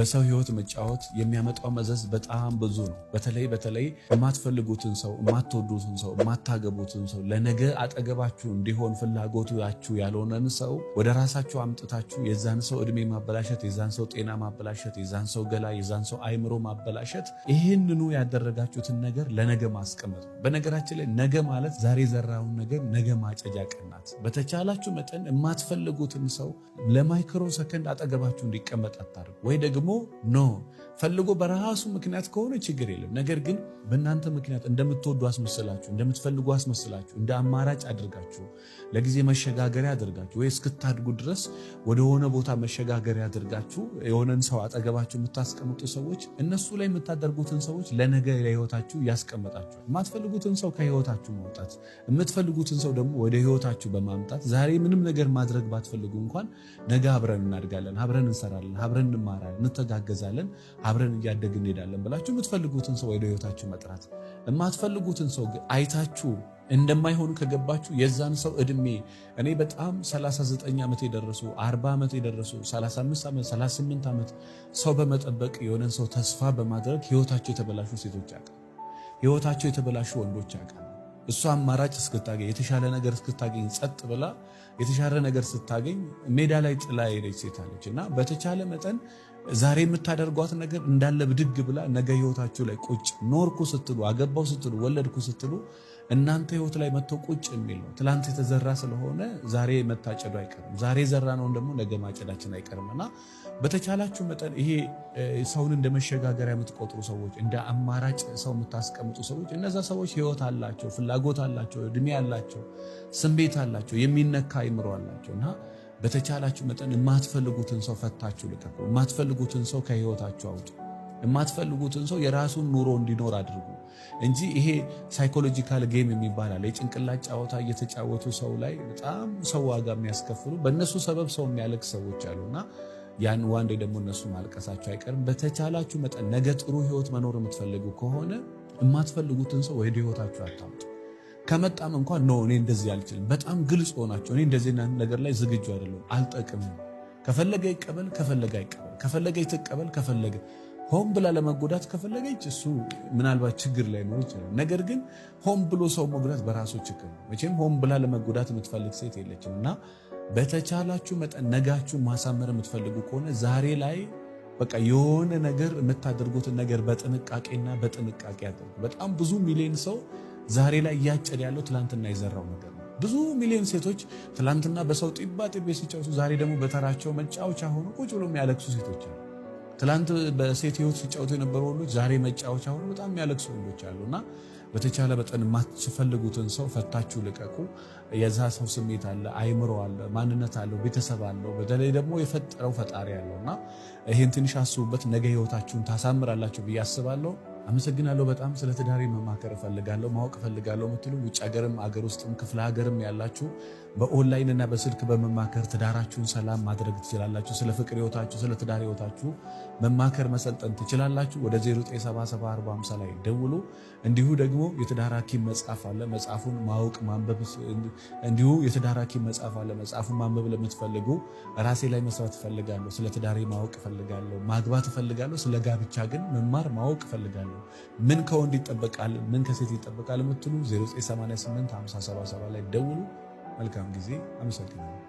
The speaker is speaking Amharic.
በሰው ህይወት መጫወት የሚያመጣው መዘዝ በጣም ብዙ ነው። በተለይ በተለይ የማትፈልጉትን ሰው፣ የማትወዱትን ሰው፣ የማታገቡትን ሰው ለነገ አጠገባችሁ እንዲሆን ፍላጎታችሁ ያልሆነን ሰው ወደ ራሳችሁ አምጥታችሁ የዛን ሰው እድሜ ማበላሸት፣ የዛን ሰው ጤና ማበላሸት፣ የዛን ሰው ገላ፣ የዛን ሰው አይምሮ ማበላሸት፣ ይህንኑ ያደረጋችሁትን ነገር ለነገ ማስቀመጥ ነው። በነገራችን ላይ ነገ ማለት ዛሬ የዘራውን ነገር ነገ ማጨጃ ቀን በተቻላችሁ መጠን የማትፈልጉትን ሰው ለማይክሮ ሰከንድ አጠገባችሁ እንዲቀመጥ አታድርጉ ወይ ደግሞ ደግሞ ኖ ፈልጎ በራሱ ምክንያት ከሆነ ችግር የለም። ነገር ግን በእናንተ ምክንያት እንደምትወዱ አስመስላችሁ፣ እንደምትፈልጉ አስመስላችሁ፣ እንደ አማራጭ አድርጋችሁ ለጊዜ መሸጋገሪያ አድርጋችሁ ወይ እስክታድጉ ድረስ ወደሆነ ቦታ መሸጋገሪያ አድርጋችሁ የሆነን ሰው አጠገባችሁ የምታስቀምጡ ሰዎች እነሱ ላይ የምታደርጉትን ሰዎች ለነገ ለህይወታችሁ ያስቀምጣችሁ። የማትፈልጉትን ሰው ከህይወታችሁ ማውጣት፣ የምትፈልጉትን ሰው ደግሞ ወደ ህይወታችሁ በማምጣት ዛሬ ምንም ነገር ማድረግ ባትፈልጉ እንኳን ነገ አብረን እናድጋለን፣ አብረን እንሰራለን፣ አብረን እንማራለን እንተጋገዛለን፣ አብረን እያደግ እንሄዳለን ብላችሁ የምትፈልጉትን ሰው ወደ ህይወታችሁ መጥራት፣ የማትፈልጉትን ሰው አይታችሁ እንደማይሆን ከገባችሁ የዛን ሰው እድሜ እኔ በጣም 39 ዓመት የደረሱ 40 ዓመት የደረሱ 35 ዓመት 38 ዓመት ሰው በመጠበቅ የሆነን ሰው ተስፋ በማድረግ ህይወታቸው የተበላሹ ሴቶች ያውቃል። ህይወታቸው የተበላሹ ወንዶች ያውቃል። እሷ አማራጭ እስክታገኝ የተሻለ ነገር እስክታገኝ ጸጥ ብላ የተሻለ ነገር ስታገኝ ሜዳ ላይ ጥላ የሄደች ሴት አለች እና በተቻለ መጠን ዛሬ የምታደርጓት ነገር እንዳለ ብድግ ብላ ነገ ህይወታችሁ ላይ ቁጭ ኖርኩ ስትሉ አገባው ስትሉ ወለድኩ ስትሉ እናንተ ህይወት ላይ መጥቶ ቁጭ የሚል ነው። ትላንት የተዘራ ስለሆነ ዛሬ መታጨዱ አይቀርም። ዛሬ የዘራ ነውን ደግሞ ነገ ማጨዳችን አይቀርም እና በተቻላችሁ መጠን ይሄ ሰውን እንደ መሸጋገሪያ የምትቆጥሩ ሰዎች፣ እንደ አማራጭ ሰው የምታስቀምጡ ሰዎች እነዛ ሰዎች ህይወት አላቸው፣ ፍላጎት አላቸው፣ እድሜ አላቸው፣ ስሜት አላቸው የሚነካ አእምሮ አላቸው እና በተቻላችሁ መጠን የማትፈልጉትን ሰው ፈታችሁ ልቀቁ። የማትፈልጉትን ሰው ከህይወታችሁ አውጡ። የማትፈልጉትን ሰው የራሱን ኑሮ እንዲኖር አድርጉ እንጂ ይሄ ሳይኮሎጂካል ጌም የሚባል አለ። የጭንቅላት ጨዋታ እየተጫወቱ ሰው ላይ በጣም ሰው ዋጋ የሚያስከፍሉ በእነሱ ሰበብ ሰው የሚያለቅ ሰዎች እና ያን ዋንዴ ደግሞ እነሱ ማልቀሳቸው አይቀርም። በተቻላችሁ መጠን ነገ ጥሩ ህይወት መኖር የምትፈልጉ ከሆነ የማትፈልጉትን ሰው ወደ ህይወታችሁ አታምጡ። ከመጣም እንኳን ኖ እኔ እንደዚህ አልችልም፣ በጣም ግልጽ ሆናቸው እኔ እንደዚህ ነገር ላይ ዝግጁ አይደለም፣ አልጠቅምም፣ ከፈለገ ይቀበል፣ ከፈለገ አይቀበል፣ ከፈለገ ይትቀበል፣ ከፈለገ ሆን ብላ ለመጎዳት ከፈለገች እሱ ምናልባት ችግር ላይ ኖር ይችላል። ነገር ግን ሆን ብሎ ሰው መጉዳት በራሱ ችግር ነው። መቼም ሆን ብላ ለመጎዳት የምትፈልግ ሴት የለችም እና በተቻላችሁ መጠን ነጋችሁን ማሳመር የምትፈልጉ ከሆነ ዛሬ ላይ በቃ የሆነ ነገር የምታደርጉትን ነገር በጥንቃቄና በጥንቃቄ አድርጉ። በጣም ብዙ ሚሊዮን ሰው ዛሬ ላይ እያጨደ ያለው ትላንትና የዘራው ነገር ነው። ብዙ ሚሊዮን ሴቶች ትላንትና በሰው ጢባ ጢቤ ሲጫወቱ ዛሬ ደግሞ በተራቸው መጫወቻ ሆኖ ቁጭ ብሎ የሚያለቅሱ ሴቶች አሉ። ትላንት በሴት ህይወት ሲጫወቱ የነበሩ ወንዶች ዛሬ መጫወቻ ሆኖ በጣም የሚያለቅሱ ወንዶች አሉ እና በተቻለ መጠን የማትፈልጉትን ሰው ፈታችሁ ልቀቁ። የዛ ሰው ስሜት አለ፣ አይምሮ አለ፣ ማንነት አለው፣ ቤተሰብ አለው፣ በተለይ ደግሞ የፈጠረው ፈጣሪ አለው እና ይህን ትንሽ አስቡበት። ነገ ህይወታችሁን ታሳምራላችሁ ብዬ አስባለሁ። አመሰግናለሁ በጣም ስለ ትዳሬ መማከር እፈልጋለሁ ማወቅ እፈልጋለሁ የምትሉ ውጭ ሀገርም አገር ውስጥም ክፍለ ሀገርም ያላችሁ በኦንላይን እና በስልክ በመማከር ትዳራችሁን ሰላም ማድረግ ትችላላችሁ። ስለ ፍቅር ህይወታችሁ፣ ስለ ትዳር ህይወታችሁ መማከር መሰልጠን ትችላላችሁ። ወደ ዜ0977450 ላይ ደውሉ። እንዲሁ ደግሞ የትዳር ሐኪም መጽሐፍ አለ። መጽሐፉን ማወቅ ማንበብ እንዲሁ የትዳር ሐኪም መጽሐፍ አለ። መጽሐፉን ማንበብ ለምትፈልጉ ራሴ ላይ መስራት እፈልጋለሁ፣ ስለ ትዳሬ ማወቅ እፈልጋለሁ፣ ማግባት እፈልጋለሁ፣ ስለ ጋብቻ ግን መማር ማወቅ እፈልጋለሁ ነው። ምን ከወንድ ይጠበቃል፣ ምን ከሴት ይጠበቃል የምትሉ 0988 ላይ ደውሉ። መልካም ጊዜ። አመሰግናለሁ።